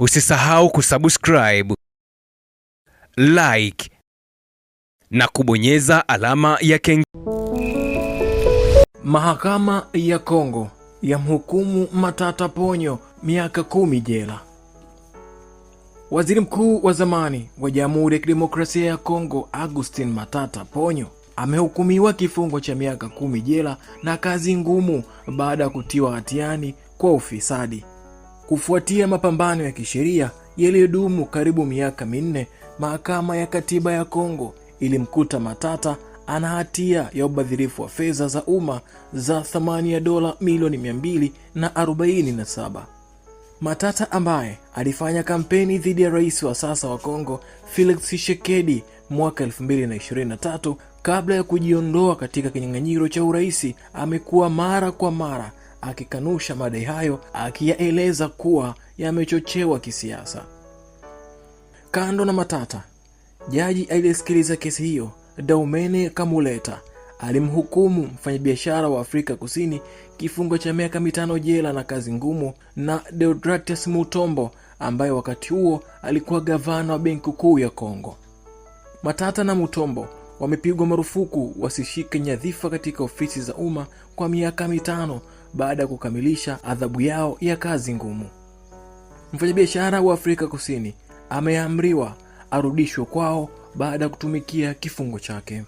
Usisahau kusubscribe, like na kubonyeza alama ya kengele. Mahakama ya Kongo yamhukumu Matata Ponyo miaka kumi jela. Waziri mkuu wa zamani wa Jamhuri ya Kidemokrasia ya Kongo Augustin Matata Ponyo amehukumiwa kifungo cha miaka kumi jela na kazi ngumu baada ya kutiwa hatiani kwa ufisadi. Kufuatia mapambano ya kisheria yaliyodumu karibu miaka minne, mahakama ya katiba ya Kongo ilimkuta Matata ana hatia ya ubadhirifu wa fedha za umma za thamani ya dola milioni 247. Matata ambaye alifanya kampeni dhidi ya rais wa sasa wa Kongo Felix shekedi mwaka 223 kabla ya kujiondoa katika kinyang'anyiro cha urais, amekuwa mara kwa mara akikanusha madai hayo akiyaeleza kuwa yamechochewa kisiasa. Kando na matata, jaji aliyesikiliza kesi hiyo Daumene Kamuleta alimhukumu mfanyabiashara wa Afrika Kusini kifungo cha miaka mitano jela na kazi ngumu, na Deodratus Mutombo ambaye wakati huo alikuwa gavana wa Benki Kuu ya Kongo. Matata na Mutombo wamepigwa marufuku wasishike nyadhifa katika ofisi za umma kwa miaka mitano baada ya kukamilisha adhabu yao ya kazi ngumu. Mfanyabiashara wa Afrika Kusini ameamriwa arudishwe kwao baada ya kutumikia kifungo chake.